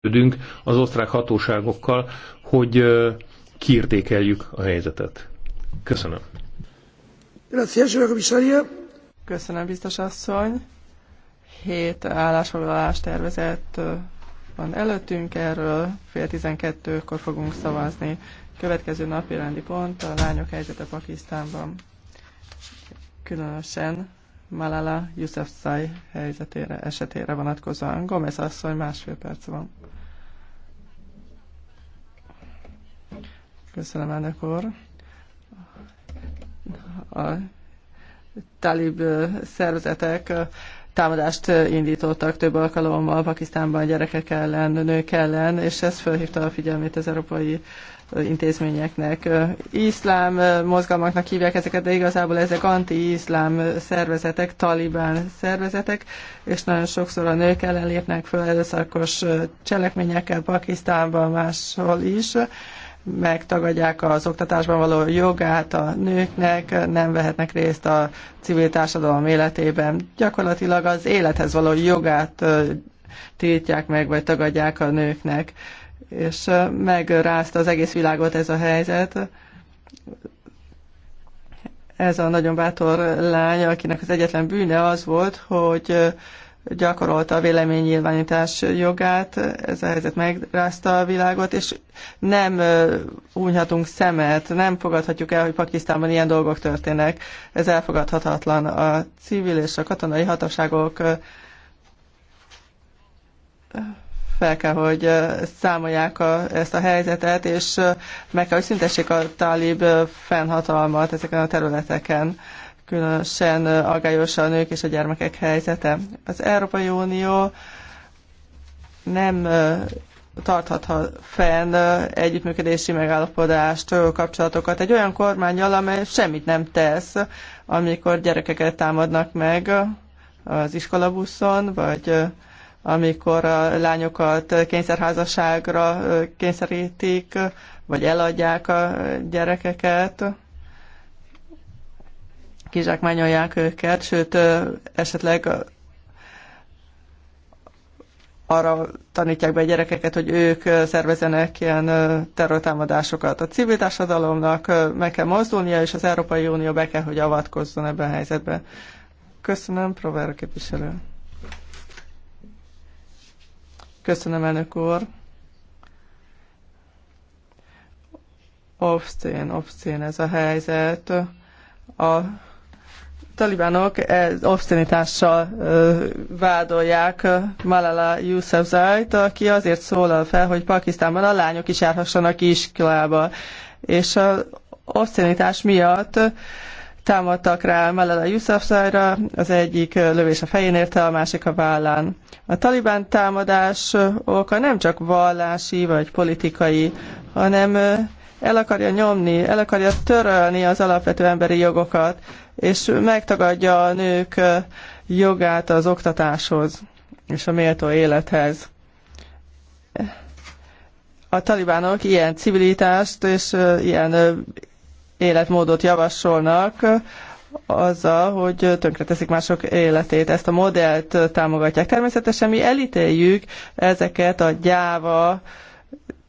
együttműködünk az osztrák hatóságokkal, hogy kiértékeljük a helyzetet. Köszönöm. Köszönöm, biztos asszony. Hét állásfoglalás tervezett van előttünk, erről fél tizenkettőkor fogunk szavazni. Következő napi rendi pont a lányok helyzete Pakisztánban. Különösen Malala Yousafzai helyzetére, esetére vonatkozóan. Gomez asszony, másfél perc van. Köszönöm, elnök úr. A talib szervezetek támadást indítottak több alkalommal Pakisztánban gyerekek ellen, nők ellen, és ez felhívta a figyelmét az Európai intézményeknek. Iszlám mozgalmaknak hívják ezeket, de igazából ezek anti-iszlám szervezetek, talibán szervezetek, és nagyon sokszor a nők ellen lépnek föl erőszakos cselekményekkel Pakisztánban, máshol is megtagadják az oktatásban való jogát a nőknek, nem vehetnek részt a civil társadalom életében. Gyakorlatilag az élethez való jogát tiltják meg, vagy tagadják a nőknek és megrázta az egész világot ez a helyzet. Ez a nagyon bátor lány, akinek az egyetlen bűne az volt, hogy gyakorolta a véleménynyilvánítás jogát, ez a helyzet megrázta a világot, és nem hunyhatunk szemet, nem fogadhatjuk el, hogy Pakisztánban ilyen dolgok történnek. Ez elfogadhatatlan. A civil és a katonai hatóságok fel kell, hogy számolják a, ezt a helyzetet, és meg kell, hogy szüntessék a talib fennhatalmat ezeken a területeken különösen aggályos a nők és a gyermekek helyzete. Az Európai Unió nem tarthat fenn együttműködési megállapodást, kapcsolatokat egy olyan kormányjal, amely semmit nem tesz, amikor gyerekeket támadnak meg az iskolabuszon, vagy amikor a lányokat kényszerházasságra kényszerítik, vagy eladják a gyerekeket, kizsákmányolják őket, sőt, esetleg arra tanítják be a gyerekeket, hogy ők szervezenek ilyen terrortámadásokat. A civil társadalomnak meg kell mozdulnia, és az Európai Unió be kell, hogy avatkozzon ebben a helyzetben. Köszönöm, próbára képviselő. Köszönöm, elnök úr. Obszén, obszén ez a helyzet. A talibánok e obszénitással vádolják Malala Yousafzai-t, aki azért szólal fel, hogy Pakisztánban a lányok is járhassanak iskolába. És az obszénitás miatt támadtak rá Malala Yousafzajra, az egyik lövés a fején érte, a másik a vállán. A talibán támadás oka nem csak vallási vagy politikai, hanem el akarja nyomni, el akarja törölni az alapvető emberi jogokat, és megtagadja a nők jogát az oktatáshoz és a méltó élethez. A talibánok ilyen civilitást és ilyen életmódot javasolnak, azzal, hogy tönkreteszik mások életét. Ezt a modellt támogatják. Természetesen mi elítéljük ezeket a gyáva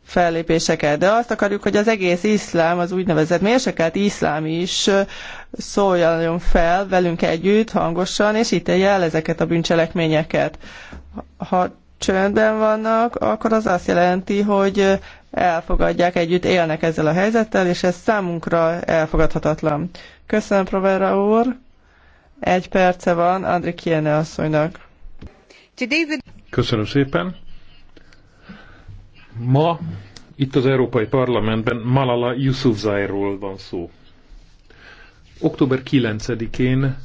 fellépéseket, de azt akarjuk, hogy az egész iszlám, az úgynevezett mérsekelt iszlám is szóljon fel velünk együtt hangosan, és ítélje el ezeket a bűncselekményeket. Ha csöndben vannak, akkor az azt jelenti, hogy elfogadják, együtt élnek ezzel a helyzettel, és ez számunkra elfogadhatatlan. Köszönöm, Provera úr. Egy perce van Andri Kiene asszonynak. Köszönöm szépen. Ma itt az Európai Parlamentben Malala Yousafzairól van szó. Október 9-én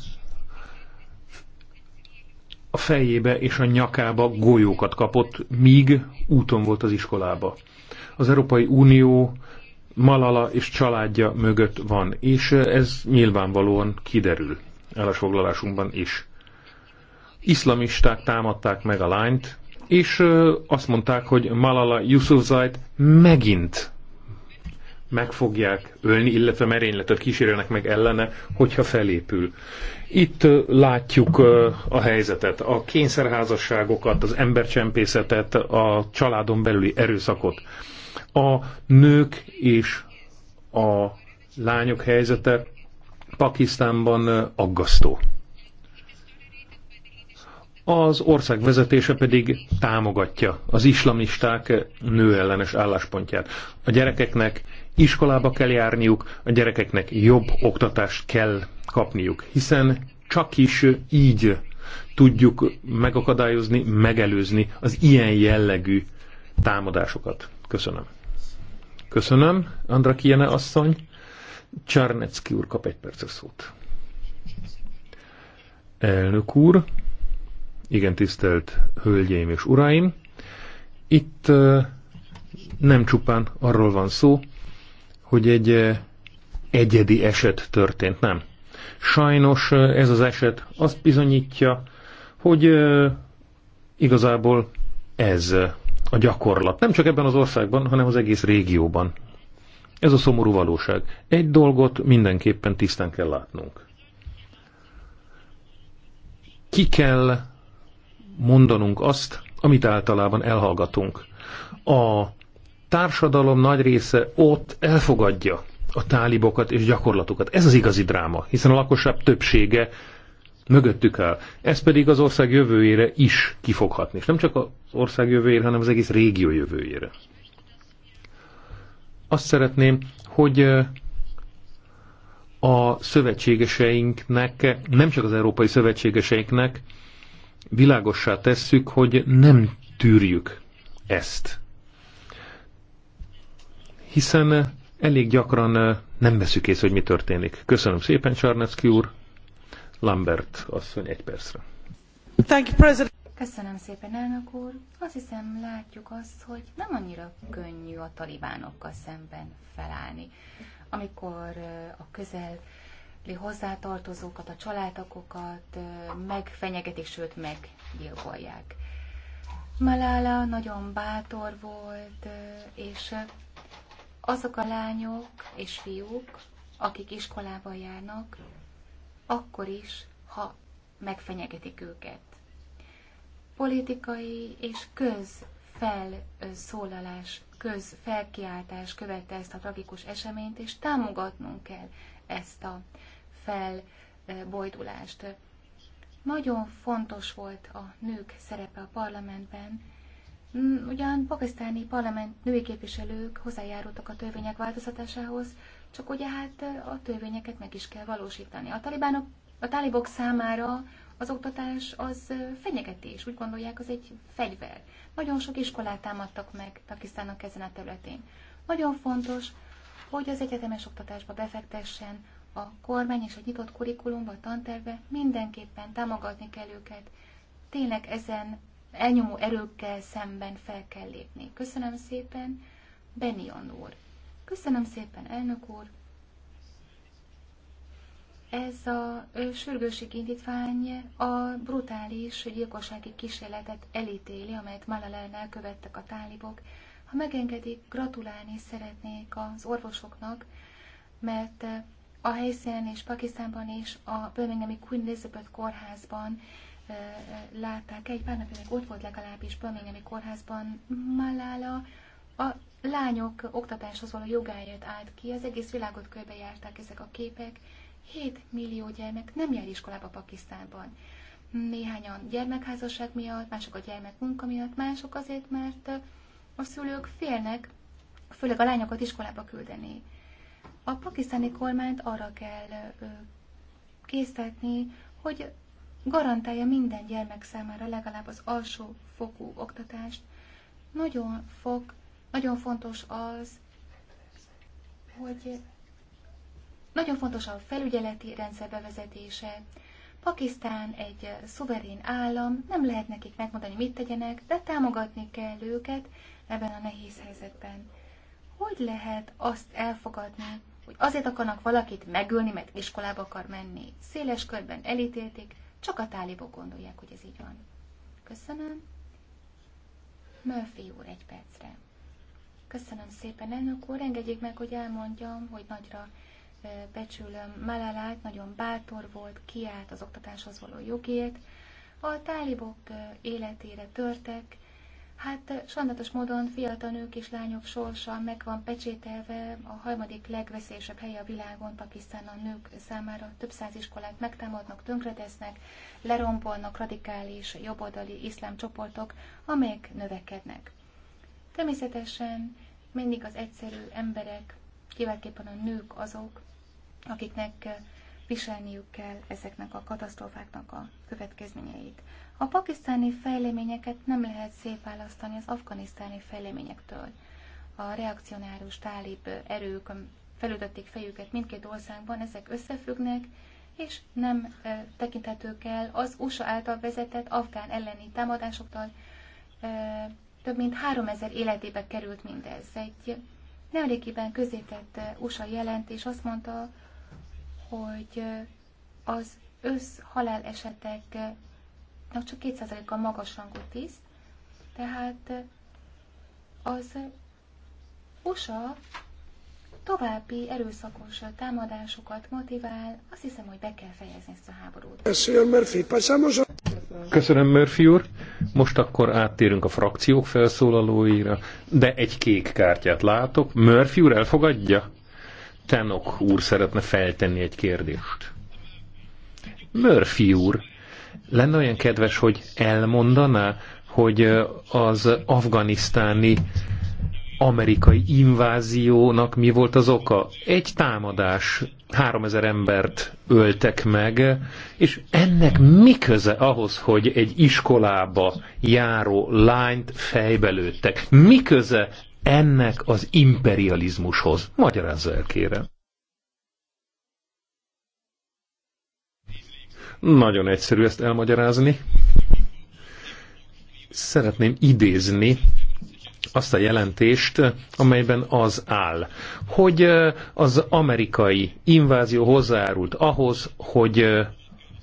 a fejébe és a nyakába golyókat kapott, míg úton volt az iskolába az Európai Unió Malala és családja mögött van, és ez nyilvánvalóan kiderül állásfoglalásunkban is. Iszlamisták támadták meg a lányt, és azt mondták, hogy Malala Yousafzait megint meg fogják ölni, illetve merényletet kísérjenek meg ellene, hogyha felépül. Itt látjuk a helyzetet, a kényszerházasságokat, az embercsempészetet, a családon belüli erőszakot. A nők és a lányok helyzete Pakisztánban aggasztó. Az ország vezetése pedig támogatja az islamisták nőellenes álláspontját. A gyerekeknek iskolába kell járniuk, a gyerekeknek jobb oktatást kell kapniuk, hiszen csak is így tudjuk megakadályozni, megelőzni az ilyen jellegű támadásokat. Köszönöm. Köszönöm, Andra Kiene asszony. Csárnecki úr kap egy perces szót. Elnök úr, igen tisztelt hölgyeim és uraim, itt nem csupán arról van szó, hogy egy egyedi eset történt, nem. Sajnos ez az eset azt bizonyítja, hogy igazából ez a gyakorlat. Nem csak ebben az országban, hanem az egész régióban. Ez a szomorú valóság. Egy dolgot mindenképpen tisztán kell látnunk. Ki kell mondanunk azt, amit általában elhallgatunk. A társadalom nagy része ott elfogadja a tálibokat és gyakorlatukat. Ez az igazi dráma, hiszen a lakosság többsége mögöttük áll. Ez pedig az ország jövőjére is kifoghatni, és nem csak az ország jövőjére, hanem az egész régió jövőjére. Azt szeretném, hogy a szövetségeseinknek, nem csak az európai szövetségeseinknek világossá tesszük, hogy nem tűrjük ezt. Hiszen elég gyakran nem veszük észre, hogy mi történik. Köszönöm szépen, Csarnecki úr! Lambert asszony egy percre. Thank you, President. Köszönöm szépen, elnök úr. Azt hiszem, látjuk azt, hogy nem annyira könnyű a talibánokkal szemben felállni. Amikor a közeli hozzátartozókat, a családtagokat megfenyegetik, sőt meggyilkolják. Malala nagyon bátor volt, és azok a lányok és fiúk, akik iskolába járnak, akkor is, ha megfenyegetik őket. Politikai és közfelszólalás, közfelkiáltás követte ezt a tragikus eseményt, és támogatnunk kell ezt a felbojdulást. Nagyon fontos volt a nők szerepe a parlamentben, ugyan pakisztáni parlament női képviselők hozzájárultak a törvények változatásához, csak ugye hát a törvényeket meg is kell valósítani. A talibánok, a talibok számára az oktatás az fenyegetés, úgy gondolják, az egy fegyver. Nagyon sok iskolát támadtak meg Pakisztánnak ezen a területén. Nagyon fontos, hogy az egyetemes oktatásba befektessen, a kormány és a nyitott kurikulumba, a tanterve mindenképpen támogatni kell őket. Tényleg ezen elnyomó erőkkel szemben fel kell lépni. Köszönöm szépen, Benion úr. Köszönöm szépen, elnök úr! Ez a sürgőség indítvány a brutális gyilkossági kísérletet elítéli, amelyet Malalán elkövettek a tálibok. Ha megengedik, gratulálni szeretnék az orvosoknak, mert a helyszínen és Pakisztánban és a Birminghami Queen Elizabeth kórházban látták egy pár napja, ott volt legalábbis Birminghami kórházban Malala, a lányok oktatáshoz való jogáért állt ki, az egész világot körbejárták ezek a képek. 7 millió gyermek nem jár iskolába Pakisztánban. Néhányan gyermekházasság miatt, mások a gyermekmunka miatt, mások azért, mert a szülők félnek, főleg a lányokat iskolába küldeni. A pakisztáni kormányt arra kell készíteni, hogy garantálja minden gyermek számára legalább az alsó fokú oktatást. Nagyon fog nagyon fontos az, hogy nagyon fontos a felügyeleti rendszer bevezetése. Pakisztán egy szuverén állam, nem lehet nekik megmondani, mit tegyenek, de támogatni kell őket ebben a nehéz helyzetben. Hogy lehet azt elfogadni, hogy azért akarnak valakit megölni, mert iskolába akar menni? Széles körben elítélték, csak a tálibok gondolják, hogy ez így van. Köszönöm. Murphy úr egy percre. Köszönöm szépen, elnök úr. Engedjék meg, hogy elmondjam, hogy nagyra becsülöm Malalát, nagyon bátor volt, kiállt az oktatáshoz való jogért. A tálibok életére törtek, Hát sajnálatos módon fiatal nők és lányok sorsa meg van pecsételve, a harmadik legveszélyesebb hely a világon, Pakisztán a nők számára több száz iskolát megtámadnak, tönkretesznek, lerombolnak radikális jobboldali iszlám csoportok, amelyek növekednek. Természetesen mindig az egyszerű emberek, kiváltképpen a nők azok, akiknek eh, viselniük kell ezeknek a katasztrófáknak a következményeit. A pakisztáni fejleményeket nem lehet választani az afganisztáni fejleményektől. A reakcionárus tálib eh, erők mm, felütötték fejüket mindkét országban, ezek összefüggnek, és nem eh, tekinthetők el az USA által vezetett afgán elleni támadásoktól, több mint 3000 életébe került mindez. Egy nemrégiben közétett USA jelentés azt mondta, hogy az össz haláleseteknek csak 2%-a magas rangú tiszt, tehát az USA további erőszakos támadásokat motivál, azt hiszem, hogy be kell fejezni ezt a háborút. Köszönöm, Murphy úr. Most akkor áttérünk a frakciók felszólalóira, de egy kék kártyát látok. Murphy úr elfogadja? Tenok úr szeretne feltenni egy kérdést. Murphy úr, lenne olyan kedves, hogy elmondaná, hogy az afganisztáni amerikai inváziónak mi volt az oka? Egy támadás, 3000 embert öltek meg, és ennek mi köze ahhoz, hogy egy iskolába járó lányt fejbe lőttek? Mi köze ennek az imperializmushoz? Magyarázza el, kérem. Nagyon egyszerű ezt elmagyarázni. Szeretném idézni azt a jelentést, amelyben az áll, hogy az amerikai invázió hozzájárult ahhoz, hogy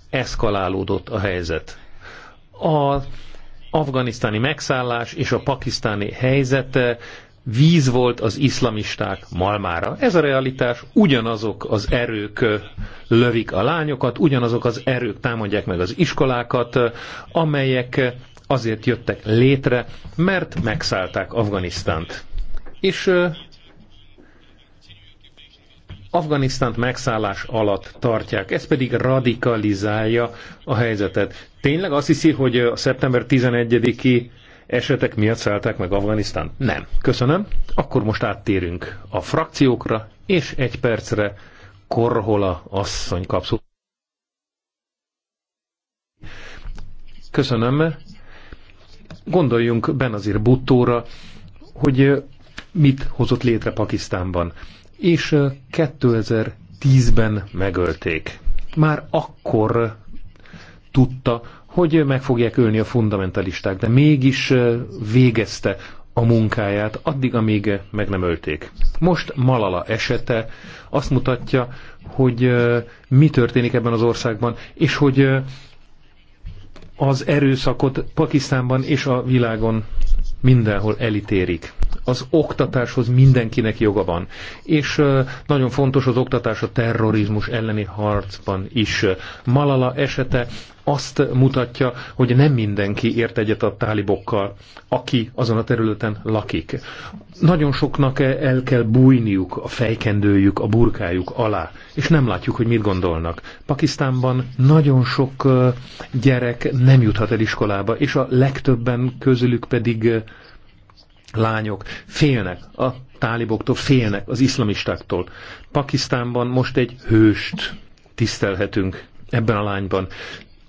eszkalálódott a helyzet. A afganisztáni megszállás és a pakisztáni helyzete víz volt az iszlamisták malmára. Ez a realitás, ugyanazok az erők lövik a lányokat, ugyanazok az erők támadják meg az iskolákat, amelyek azért jöttek létre, mert megszállták Afganisztánt. És uh, Afganisztánt megszállás alatt tartják, ez pedig radikalizálja a helyzetet. Tényleg azt hiszi, hogy a szeptember 11-i esetek miatt szállták meg Afganisztánt? Nem. Köszönöm. Akkor most áttérünk a frakciókra, és egy percre Korhola asszony kapszul. Köszönöm. Gondoljunk Benazir Buttóra, hogy mit hozott létre Pakisztánban. És 2010-ben megölték. Már akkor tudta, hogy meg fogják ölni a fundamentalisták, de mégis végezte a munkáját addig, amíg meg nem ölték. Most Malala esete azt mutatja, hogy mi történik ebben az országban, és hogy az erőszakot Pakisztánban és a világon mindenhol elítérik. Az oktatáshoz mindenkinek joga van. És nagyon fontos az oktatás a terrorizmus elleni harcban is. Malala esete azt mutatja, hogy nem mindenki ért egyet a tálibokkal, aki azon a területen lakik. Nagyon soknak el kell bújniuk a fejkendőjük, a burkájuk alá, és nem látjuk, hogy mit gondolnak. Pakisztánban nagyon sok gyerek nem juthat el iskolába, és a legtöbben közülük pedig lányok félnek a táliboktól, félnek az iszlamistáktól. Pakisztánban most egy hőst tisztelhetünk ebben a lányban.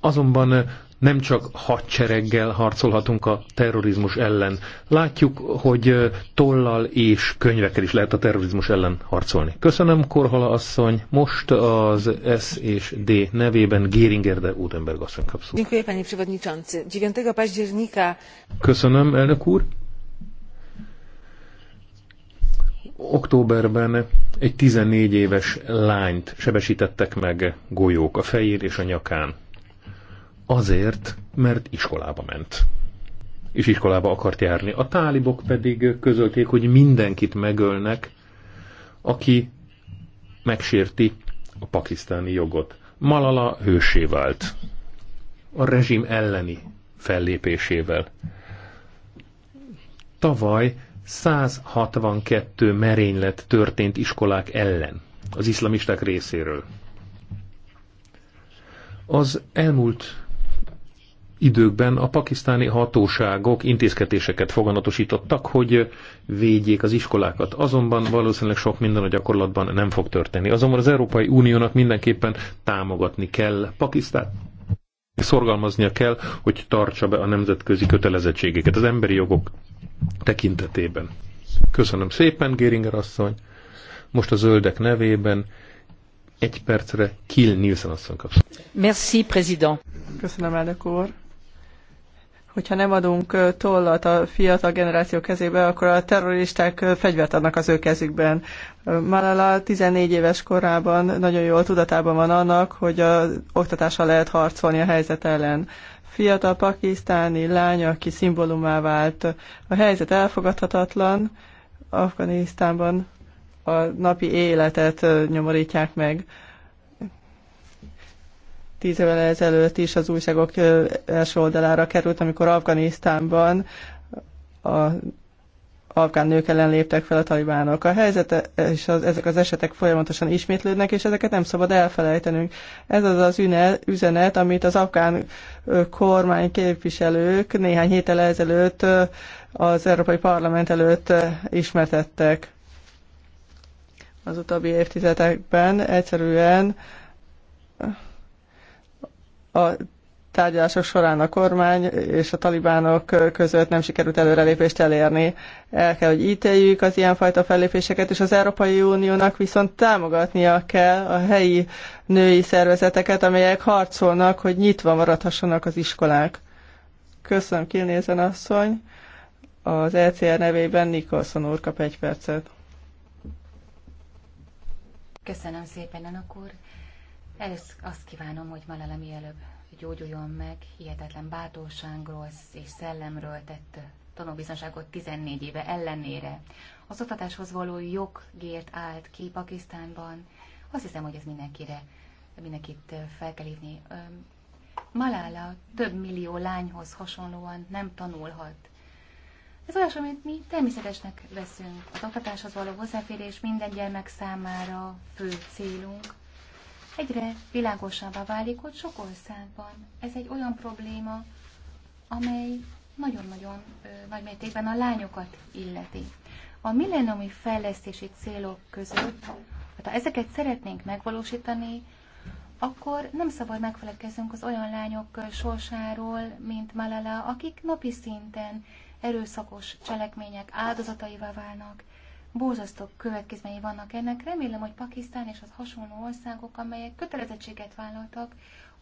Azonban nem csak hadsereggel harcolhatunk a terrorizmus ellen. Látjuk, hogy tollal és könyvekkel is lehet a terrorizmus ellen harcolni. Köszönöm, Korhala asszony. Most az S és D nevében Géringer de Udenberg asszony kap Köszönöm, elnök úr. Októberben egy 14 éves lányt sebesítettek meg golyók a fejét és a nyakán Azért, mert iskolába ment. És iskolába akart járni. A tálibok pedig közölték, hogy mindenkit megölnek, aki megsérti a pakisztáni jogot. Malala hősé vált. A rezsim elleni fellépésével. Tavaly 162 merénylet történt iskolák ellen az iszlamisták részéről. Az elmúlt időkben a pakisztáni hatóságok intézkedéseket foganatosítottak, hogy védjék az iskolákat. Azonban valószínűleg sok minden a gyakorlatban nem fog történni. Azonban az Európai Uniónak mindenképpen támogatni kell Pakisztánt. Szorgalmaznia kell, hogy tartsa be a nemzetközi kötelezettségeket az emberi jogok tekintetében. Köszönöm szépen, Géringer asszony. Most a zöldek nevében egy percre Kill Nielsen asszony kapsz. Merci, président. Köszönöm, elnök úr hogyha nem adunk tollat a fiatal generáció kezébe, akkor a terroristák fegyvert adnak az ő kezükben. Malala 14 éves korában nagyon jól tudatában van annak, hogy a oktatása lehet harcolni a helyzet ellen. Fiatal pakisztáni lány, aki szimbólumá vált. A helyzet elfogadhatatlan. Afganisztánban a napi életet nyomorítják meg tíz évvel ezelőtt is az újságok első oldalára került, amikor Afganisztánban a afgán nők ellen léptek fel a talibánok. A helyzet és az, ezek az esetek folyamatosan ismétlődnek, és ezeket nem szabad elfelejtenünk. Ez az az üne, üzenet, amit az afgán kormány képviselők néhány héttel ezelőtt az Európai Parlament előtt ismertettek. Az utóbbi évtizedekben egyszerűen a tárgyalások során a kormány és a talibánok között nem sikerült előrelépést elérni. El kell, hogy ítéljük az ilyenfajta fellépéseket, és az Európai Uniónak viszont támogatnia kell a helyi női szervezeteket, amelyek harcolnak, hogy nyitva maradhassanak az iskolák. Köszönöm, Kilnézen asszony. Az ECR nevében Nikolson úr kap egy percet. Köszönöm szépen, Anak úr. Ezt azt kívánom, hogy Malala mielőbb gyógyuljon meg, hihetetlen bátorságról és szellemről tett tanúbizonságot 14 éve ellenére. Az oktatáshoz való jogért állt ki Pakisztánban. Azt hiszem, hogy ez mindenkire, mindenkit fel kell hívni. Malala több millió lányhoz hasonlóan nem tanulhat. Ez olyas, amit mi természetesnek veszünk. Az oktatáshoz való hozzáférés minden gyermek számára fő célunk, egyre világosabbá válik, hogy sok országban ez egy olyan probléma, amely nagyon-nagyon nagy mértékben a lányokat illeti. A millenniumi fejlesztési célok között, hát ha ezeket szeretnénk megvalósítani, akkor nem szabad megfelelkeznünk az olyan lányok sorsáról, mint Malala, akik napi szinten erőszakos cselekmények áldozataival válnak, borzasztó következményei vannak ennek. Remélem, hogy Pakisztán és az hasonló országok, amelyek kötelezettséget vállaltak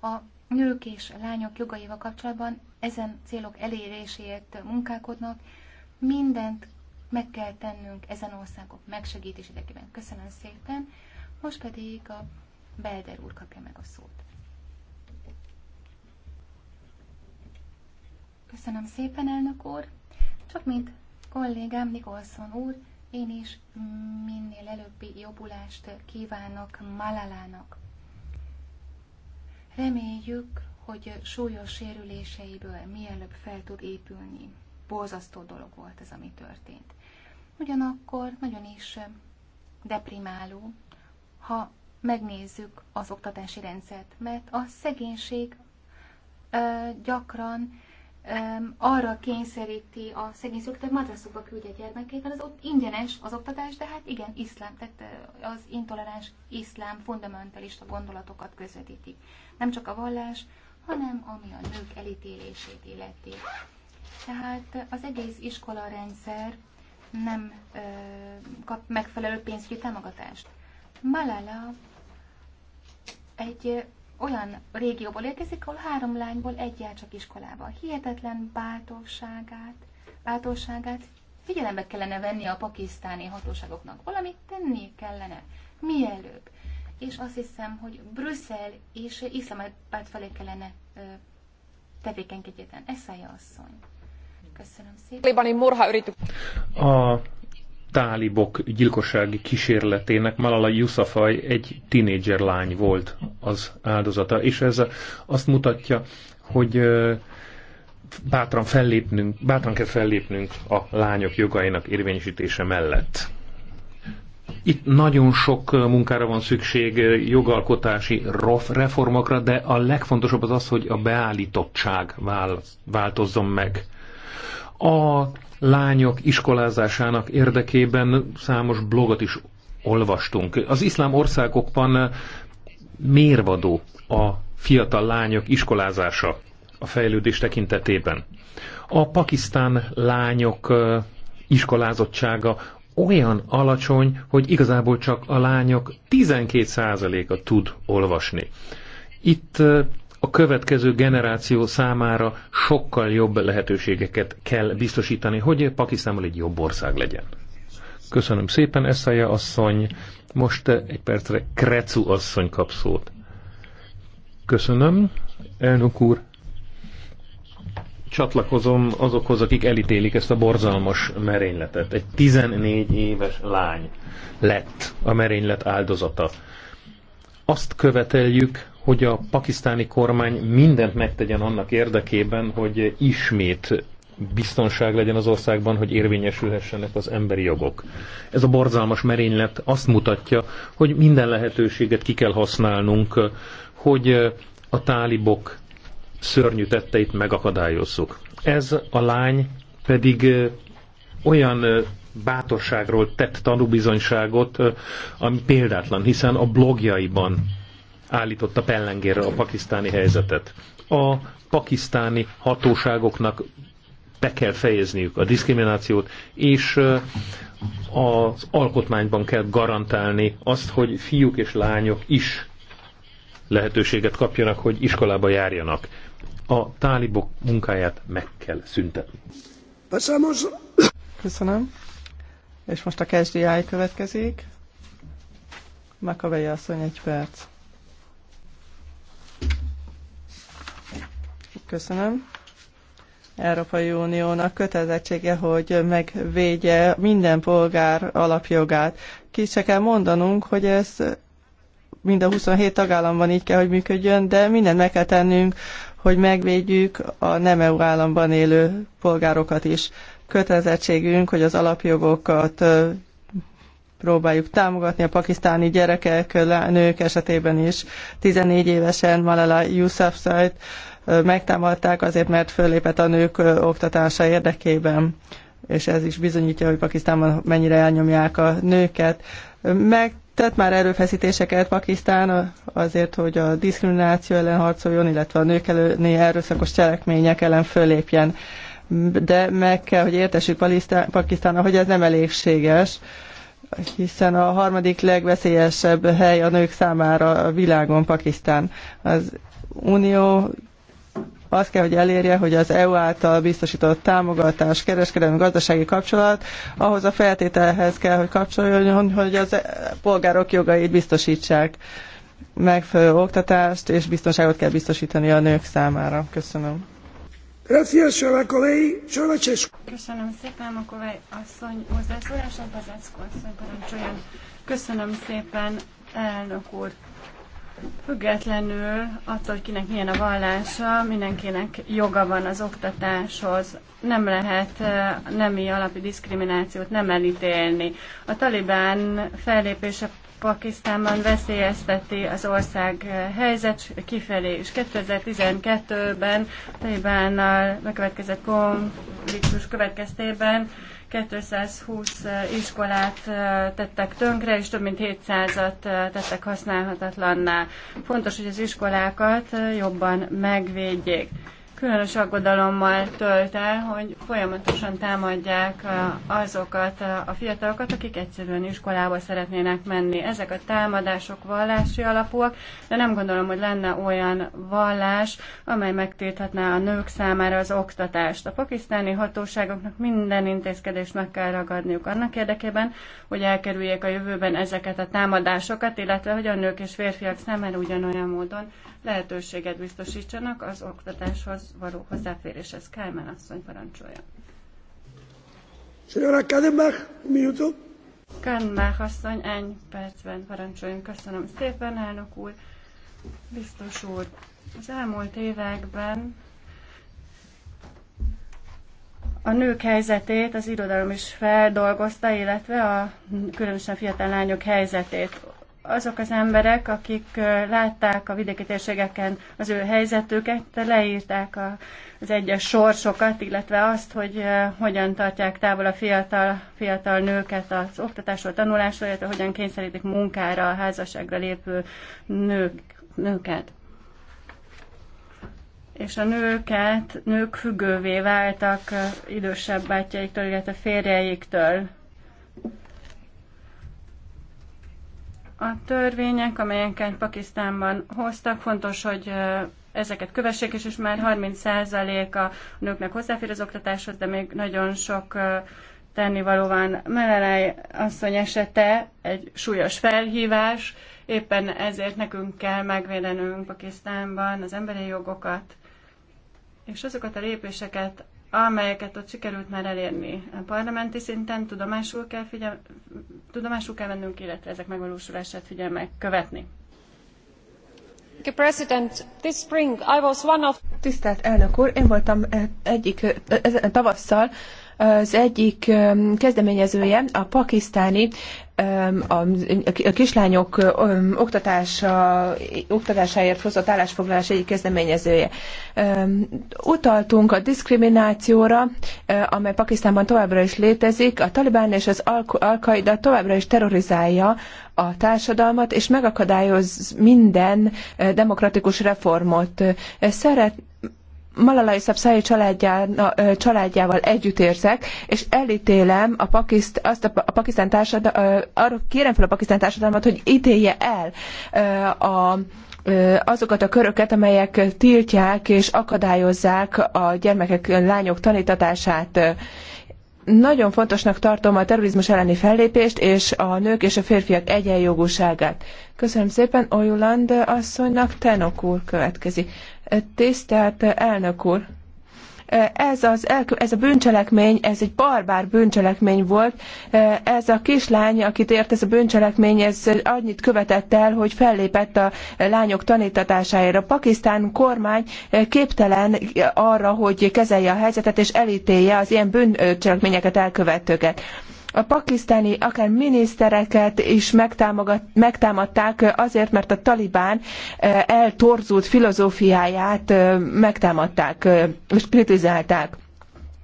a nők és lányok jogaival kapcsolatban, ezen célok eléréséért munkálkodnak. Mindent meg kell tennünk ezen országok megsegítés idegében. Köszönöm szépen. Most pedig a Belder úr kapja meg a szót. Köszönöm szépen, elnök úr. Csak mint kollégám Nikolson úr, én is minél előbbi jobbulást kívánok Malalának. Reméljük, hogy súlyos sérüléseiből mielőbb fel tud épülni. Borzasztó dolog volt ez, ami történt. Ugyanakkor nagyon is deprimáló, ha megnézzük az oktatási rendszert, mert a szegénység gyakran arra kényszeríti a szegény szülőket, hogy madraszokba küldje a gyermekét, mert az ott ingyenes az oktatás, de hát igen, iszlám, tehát az intoleráns iszlám fundamentalista gondolatokat közvetítik. Nem csak a vallás, hanem ami a nők elítélését illeti. Tehát az egész iskola rendszer nem ö, kap megfelelő pénzügyi támogatást. Malala egy olyan régióból érkezik, ahol három lányból egy jár csak iskolába. Hihetetlen bátorságát, bátorságát figyelembe kellene venni a pakisztáni hatóságoknak. Valamit tenni kellene, mielőbb. És azt hiszem, hogy Brüsszel és Iszlamabad felé kellene tevékenykedjen. Eszája asszony. Köszönöm szépen. A tálibok gyilkossági kísérletének Malala Yusafaj egy tinédzser lány volt az áldozata, és ez azt mutatja, hogy bátran, fellépnünk, bátran kell fellépnünk a lányok jogainak érvényesítése mellett. Itt nagyon sok munkára van szükség, jogalkotási reformokra, de a legfontosabb az az, hogy a beállítottság változzon meg. A lányok iskolázásának érdekében számos blogot is olvastunk. Az iszlám országokban mérvadó a fiatal lányok iskolázása a fejlődés tekintetében. A pakisztán lányok iskolázottsága olyan alacsony, hogy igazából csak a lányok 12%-a tud olvasni. Itt a következő generáció számára sokkal jobb lehetőségeket kell biztosítani, hogy Pakisztánból egy jobb ország legyen. Köszönöm szépen, Eszaja asszony. Most egy percre Krecu asszony kap szót. Köszönöm, elnök úr. Csatlakozom azokhoz, akik elítélik ezt a borzalmas merényletet. Egy 14 éves lány lett a merénylet áldozata. Azt követeljük, hogy a pakisztáni kormány mindent megtegyen annak érdekében, hogy ismét biztonság legyen az országban, hogy érvényesülhessenek az emberi jogok. Ez a borzalmas merénylet azt mutatja, hogy minden lehetőséget ki kell használnunk, hogy a tálibok szörnyű tetteit megakadályozzuk. Ez a lány pedig olyan bátorságról tett tanúbizonyságot, ami példátlan, hiszen a blogjaiban állította pellengérre a pakisztáni helyzetet. A pakisztáni hatóságoknak be kell fejezniük a diszkriminációt, és az alkotmányban kell garantálni azt, hogy fiúk és lányok is lehetőséget kapjanak, hogy iskolába járjanak. A tálibok munkáját meg kell szüntetni. Köszönöm. És most a KSDI következik. Makavei asszony egy perc. Köszönöm. Európai Uniónak kötelezettsége, hogy megvédje minden polgár alapjogát. Ki se kell mondanunk, hogy ez mind a 27 tagállamban így kell, hogy működjön, de mindent meg kell tennünk, hogy megvédjük a nem EU államban élő polgárokat is. Kötelezettségünk, hogy az alapjogokat próbáljuk támogatni a pakisztáni gyerekek, nők esetében is. 14 évesen Malala Yousafzai megtámadták azért, mert föllépett a nők oktatása érdekében és ez is bizonyítja, hogy Pakisztánban mennyire elnyomják a nőket. Megtett már erőfeszítéseket Pakisztán azért, hogy a diszkrimináció ellen harcoljon, illetve a nők elleni erőszakos cselekmények ellen fölépjen. De meg kell, hogy értesük Pakisztán, hogy ez nem elégséges, hiszen a harmadik legveszélyesebb hely a nők számára a világon Pakisztán. Az Unió azt kell, hogy elérje, hogy az EU által biztosított támogatás, kereskedelmi, gazdasági kapcsolat ahhoz a feltételhez kell, hogy kapcsoljon, hogy az polgárok jogait biztosítsák. Megfelelő oktatást és biztonságot kell biztosítani a nők számára. Köszönöm. Köszönöm szépen, a akkor asszony hozzászólását, Bazácko asszony parancsoljon. Köszönöm szépen, elnök úr. Függetlenül attól, hogy kinek milyen a vallása, mindenkinek joga van az oktatáshoz. Nem lehet eh, nemi alapi diszkriminációt nem elítélni. A talibán fellépése Pakisztánban veszélyezteti az ország eh, helyzet kifelé, és 2012-ben Talibánnal bekövetkezett konfliktus következtében 220 eh, iskolát eh, tettek tönkre, és több mint 700-at eh, tettek használhatatlanná. Fontos, hogy az iskolákat jobban megvédjék különös aggodalommal tölt el, hogy folyamatosan támadják azokat a fiatalokat, akik egyszerűen iskolába szeretnének menni. Ezek a támadások vallási alapúak, de nem gondolom, hogy lenne olyan vallás, amely megtilthatná a nők számára az oktatást. A pakisztáni hatóságoknak minden intézkedést meg kell ragadniuk annak érdekében, hogy elkerüljék a jövőben ezeket a támadásokat, illetve hogy a nők és férfiak számára ugyanolyan módon lehetőséget biztosítsanak az oktatáshoz való hozzáféréshez. Kálmán asszony parancsolja. Señora Kadenbach, minuto. Kadenbach asszony, egy percben parancsoljon. Köszönöm szépen, elnök úr. Biztos úr, az elmúlt években a nők helyzetét az irodalom is feldolgozta, illetve a különösen fiatal lányok helyzetét azok az emberek, akik látták a vidéki térségeken az ő helyzetüket, leírták az egyes sorsokat, illetve azt, hogy hogyan tartják távol a fiatal, fiatal nőket az oktatásról, tanulásról, illetve hogyan kényszerítik munkára a házasságra lépő nők, nőket. És a nőket, nők függővé váltak idősebb bátyjaiktól, illetve férjeiktől A törvények, amelyeket Pakisztánban hoztak, fontos, hogy ezeket kövessék, és, már 30% a nőknek hozzáfér az oktatáshoz, de még nagyon sok tennivaló van. Melelej asszony esete egy súlyos felhívás, éppen ezért nekünk kell megvédenünk Pakisztánban az emberi jogokat, és azokat a lépéseket, amelyeket ott sikerült már elérni a parlamenti szinten, tudomásul kell, figyel, tudomásul kell vennünk, illetve ezek megvalósulását figyelmek követni. Tisztelt elnök úr, én voltam eh, egyik eh, tavasszal eh, az egyik kezdeményezője a pakisztáni a kislányok oktatása, oktatásáért hozott állásfoglalás egyik kezdeményezője. Utaltunk a diszkriminációra, amely Pakisztánban továbbra is létezik, a Talibán és az Al-Qaida továbbra is terrorizálja a társadalmat, és megakadályoz minden demokratikus reformot. Szeret, Malala Yousafzai családjával családjával együttérzek, és elítélem a pakiszt, azt a, a pakisztán társadalmat, arra kérem fel a pakisztán társadalmat, hogy ítélje el a azokat a köröket, amelyek tiltják és akadályozzák a gyermekek, lányok tanítatását. Nagyon fontosnak tartom a terrorizmus elleni fellépést és a nők és a férfiak egyenjogúságát. Köszönöm szépen, Ojuland asszonynak, Tenok úr következik. Tisztelt elnök úr! ez, az, ez a bűncselekmény, ez egy barbár bűncselekmény volt. Ez a kislány, akit ért ez a bűncselekmény, ez annyit követett el, hogy fellépett a lányok tanítatására. A pakisztán kormány képtelen arra, hogy kezelje a helyzetet és elítélje az ilyen bűncselekményeket elkövetőket a pakisztáni akár minisztereket is megtámadták azért, mert a talibán e, eltorzult filozófiáját e, megtámadták e, és kritizálták.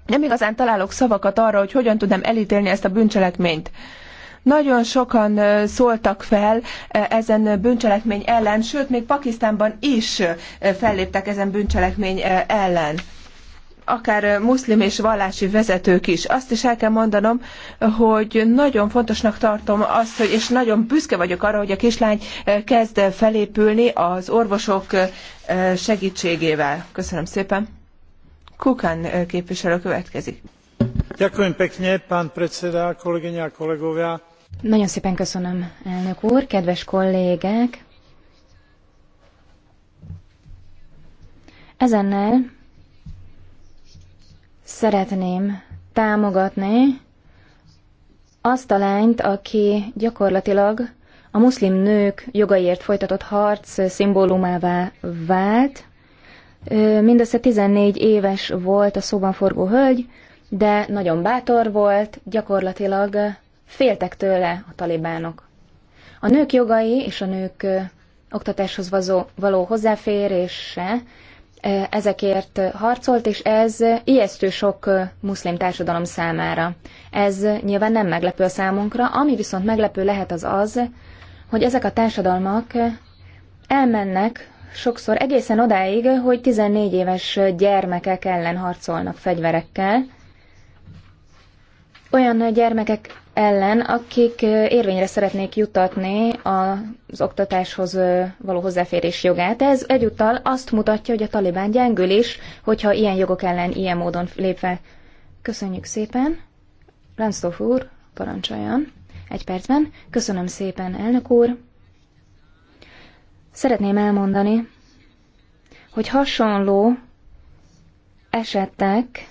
Nem igazán találok szavakat arra, hogy hogyan tudnám elítélni ezt a bűncselekményt. Nagyon sokan szóltak fel ezen bűncselekmény ellen, sőt, még Pakisztánban is felléptek ezen bűncselekmény ellen akár muszlim és vallási vezetők is. Azt is el kell mondanom, hogy nagyon fontosnak tartom azt, hogy, és nagyon büszke vagyok arra, hogy a kislány kezd felépülni az orvosok segítségével. Köszönöm szépen. Kukan képviselő következik. Köszönöm pekne, pán predseda, kolegyne Nagyon szépen köszönöm, elnök úr, kedves kollégák. Ezennel szeretném támogatni azt a lányt, aki gyakorlatilag a muszlim nők jogaiért folytatott harc szimbólumává vált. Mindössze 14 éves volt a szóban forgó hölgy, de nagyon bátor volt, gyakorlatilag féltek tőle a talibánok. A nők jogai és a nők oktatáshoz való hozzáférése ezekért harcolt, és ez ijesztő sok muszlim társadalom számára. Ez nyilván nem meglepő a számunkra, ami viszont meglepő lehet az az, hogy ezek a társadalmak elmennek sokszor egészen odáig, hogy 14 éves gyermekek ellen harcolnak fegyverekkel, olyan gyermekek ellen, akik érvényre szeretnék jutatni az oktatáshoz való hozzáférés jogát. Ez egyúttal azt mutatja, hogy a talibán gyengül is, hogyha ilyen jogok ellen ilyen módon lép fel. Köszönjük szépen. Lánszlóf úr, parancsoljon. Egy percben. Köszönöm szépen, elnök úr. Szeretném elmondani, hogy hasonló esetek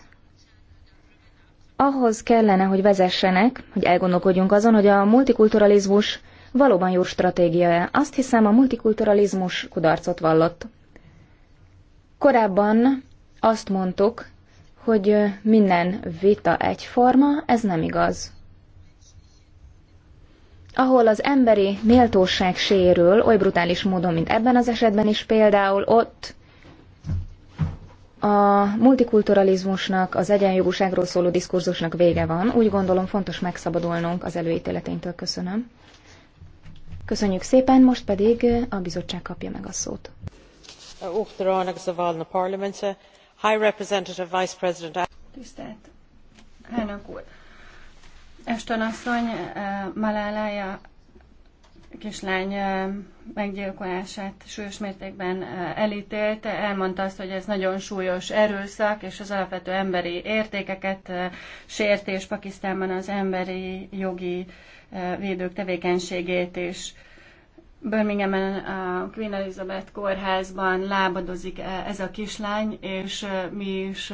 ahhoz kellene, hogy vezessenek, hogy elgondolkodjunk azon, hogy a multikulturalizmus valóban jó stratégia-e. Azt hiszem, a multikulturalizmus kudarcot vallott. Korábban azt mondtuk, hogy minden vita egyforma, ez nem igaz. Ahol az emberi méltóság sérül, oly brutális módon, mint ebben az esetben is például, ott a multikulturalizmusnak, az egyenjogúságról szóló diskurzusnak vége van. Úgy gondolom fontos megszabadulnunk az előítéleteinktől. Köszönöm. Köszönjük szépen, most pedig a bizottság kapja meg a szót. Tisztelt elnök úr! Ashton asszony, eh, Malálája kislány meggyilkolását súlyos mértékben elítélte, elmondta azt, hogy ez nagyon súlyos erőszak, és az alapvető emberi értékeket sértés Pakisztánban az emberi jogi védők tevékenységét is. Birminghamben a Queen Elizabeth kórházban lábadozik ez a kislány, és mi is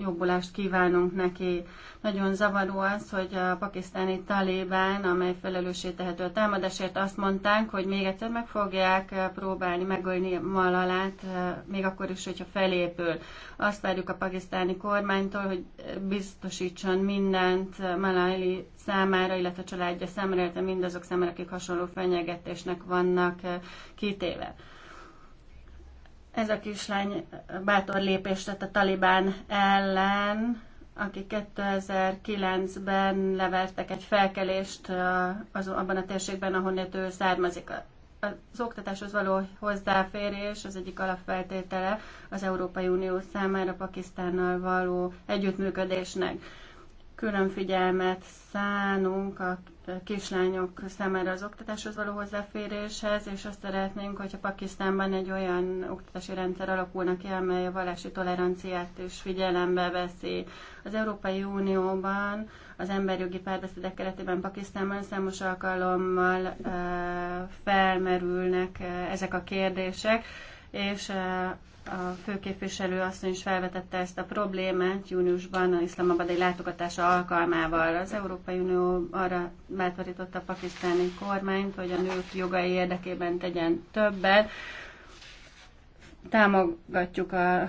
jobbulást kívánunk neki. Nagyon zavaró az, hogy a pakisztáni talébán, amely felelőssé tehető a támadásért, azt mondták, hogy még egyszer meg fogják eh, próbálni megölni Malalát, eh, még akkor is, hogyha felépül. Azt várjuk a pakisztáni kormánytól, hogy biztosítson mindent eh, Malali számára, illetve a családja számára, illetve mindazok számára, akik hasonló fenyegetésnek vannak kitéve. Ez a kislány bátor lépést tett a Talibán ellen, akik 2009-ben levertek egy felkelést az, abban a térségben, ahonnan ő származik. Az oktatáshoz való hozzáférés az egyik alapfeltétele az Európai Unió számára Pakisztánnal való együttműködésnek. Külön figyelmet szánunk a kislányok számára az oktatáshoz való hozzáféréshez, és azt szeretnénk, hogyha Pakisztánban egy olyan oktatási rendszer alakulna ki, amely a vallási toleranciát is figyelembe veszi. Az Európai Unióban az emberjogi párbeszédek keretében Pakisztánban számos alkalommal felmerülnek ezek a kérdések, és eh, a főképviselő asszony is felvetette ezt a problémát júniusban az iszlamabadai látogatása alkalmával. Az Európai Unió arra bátorította a pakisztáni kormányt, hogy a nők jogai érdekében tegyen többet. Támogatjuk a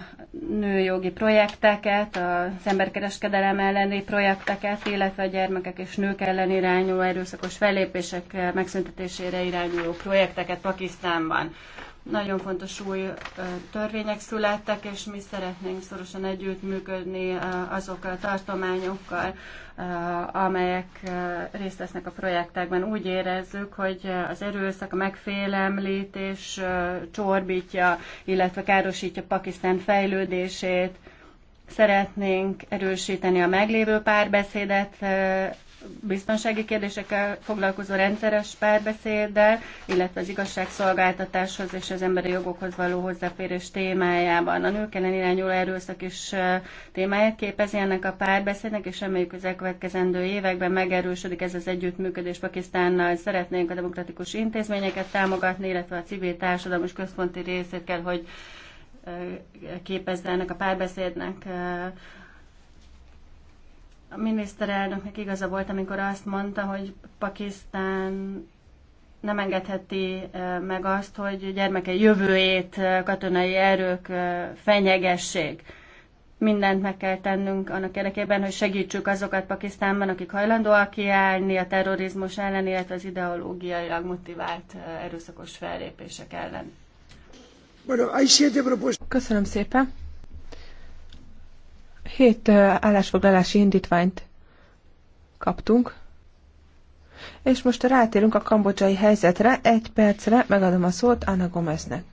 nőjogi projekteket, az emberkereskedelem elleni projekteket, illetve a gyermekek és nők ellen irányuló erőszakos fellépések megszüntetésére irányuló projekteket Pakisztánban. Nagyon fontos új törvények születtek, és mi szeretnénk szorosan együttműködni azokkal a tartományokkal, amelyek részt vesznek a projektekben. Úgy érezzük, hogy az erőszak, a megfélemlítés csorbítja, illetve károsítja Pakisztán fejlődését. Szeretnénk erősíteni a meglévő párbeszédet biztonsági kérdésekkel foglalkozó rendszeres párbeszéddel, illetve az igazságszolgáltatáshoz és az emberi jogokhoz való hozzáférés témájában. A nők ellen irányuló erőszak is témáját képezi ennek a párbeszédnek, és reméljük az elkövetkezendő években megerősödik ez az együttműködés Pakisztánnal. Szeretnénk a demokratikus intézményeket támogatni, illetve a civil társadalom és központi részét kell, hogy képezze ennek a párbeszédnek a miniszterelnöknek igaza volt, amikor azt mondta, hogy Pakisztán nem engedheti meg azt, hogy gyermeke jövőjét katonai erők fenyegessék. Mindent meg kell tennünk annak érdekében, hogy segítsük azokat Pakisztánban, akik hajlandóak kiállni a terrorizmus ellen, illetve az ideológiailag motivált erőszakos fellépések ellen. Köszönöm szépen. Hét állásfoglalási indítványt kaptunk, és most rátérünk a kambodzsai helyzetre. Egy percre megadom a szót Anna Gomeznek.